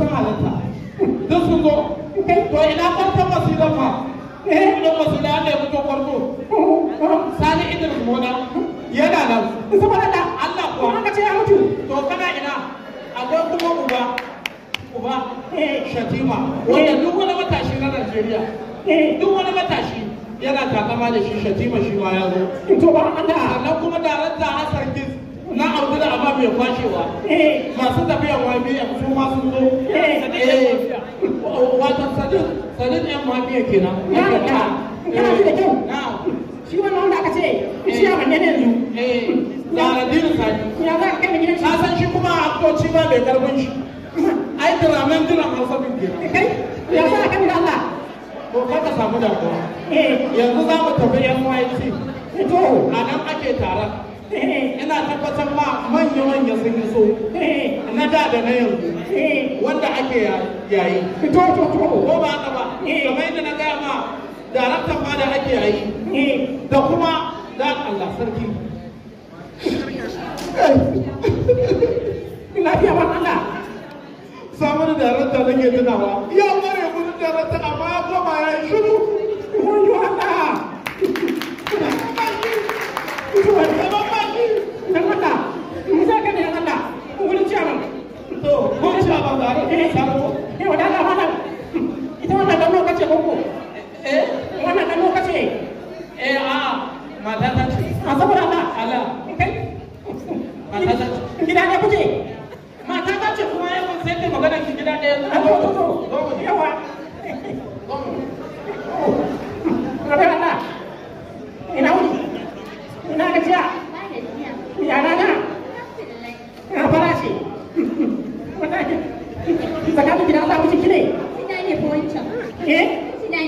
sun halitta duk sun ko to ina kwarton basira fa kudin basira an da ya fito kwarto sani idris mona yana nan saboda da allah ko haka ce ya mutu to kana ina akwai kuma uba uba eh. shatima eh. wanda duk wani matashi na najeriya eh. duk wani matashi yana takama da shi shatima shi ma ya zo to ba an da sannan kuma darakta hasan giz na abdul amma mai kwashewa eh. masu tafiya wamiya su ma sun zo eh. wato sadin sadin yan wamiya kenan ya ka kana shi da kyau shi wannan wanda aka ce eh. shi ya manne yanzu da aladin sani ya za ka kai gidan shi ka san shi kuma aktoci ba mai karfin shi ai diramen diram hausa bin kenan ya za ka kai da Allah ko ka samu da damuwa yanzu za mu tafi yan YC to a nan ake taron Eh. ina tabbatar ma manya manya sun yi so eh. na da da na yanzu eh. wanda ake yayi to to to ko ba haka ba kamar yadda na gaya ma daraktan ma da ake yayi da kuma da Allah sarki ina fiye ba Allah samun darakta nake tunawa ya mare mun darakta amma ko ba ya yi shiru wani Allah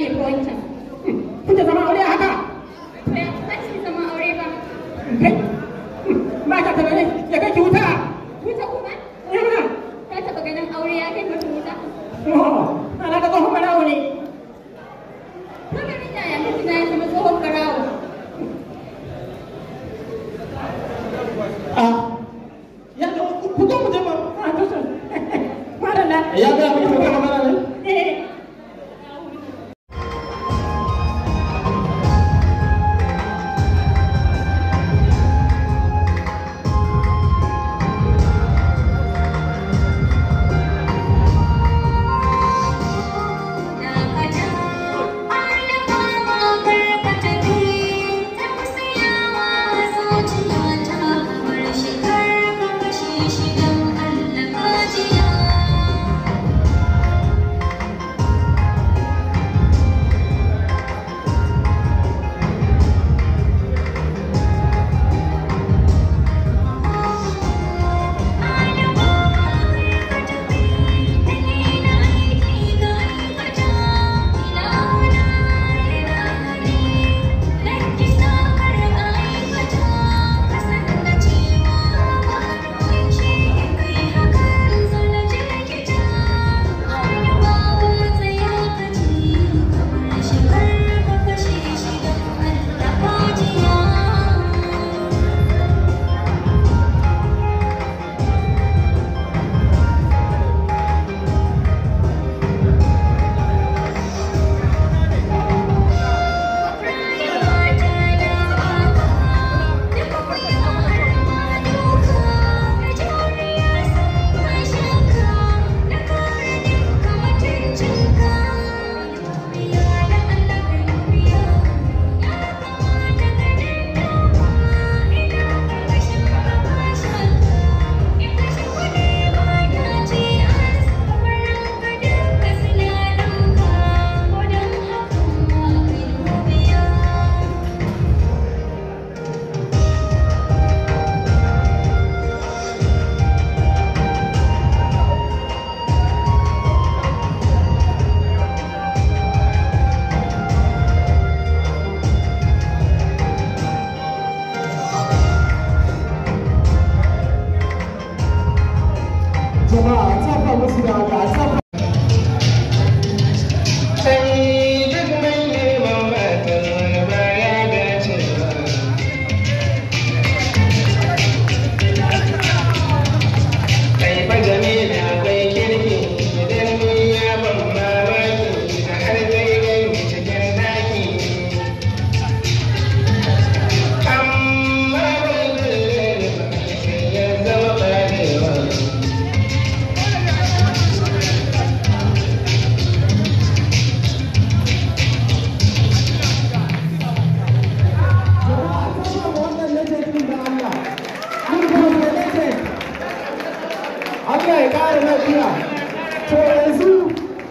ne ko wancan hmm. kuke zama aure haka ba zama aure ba hmm, hmm, ba ya kai ki wuta wuta kuma taba ganin aure ya kai wuta ana tsohon barawo ne ya zama tsohon barawo a ah, ku mu je ya ga ku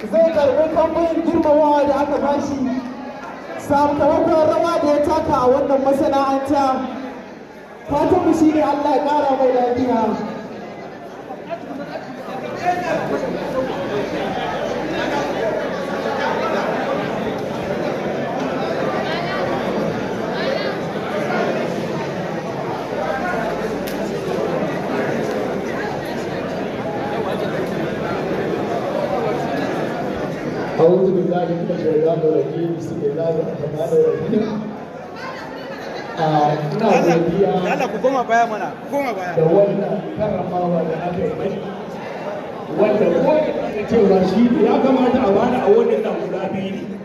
zai karɓi kamfanin girmamawa da aka bashi sakamakon rawa da ya taka a wannan masana'anta fatanmu ne allah ya ƙara mai lafiya أعوذ بالله من الشيطان الرجيم بسم الله الرحمن الرحيم Allah ku koma baya mana koma baya da wannan karramawa da aka yi mai wanda ko shi ya kamata a bada a wannan da guda biyu ne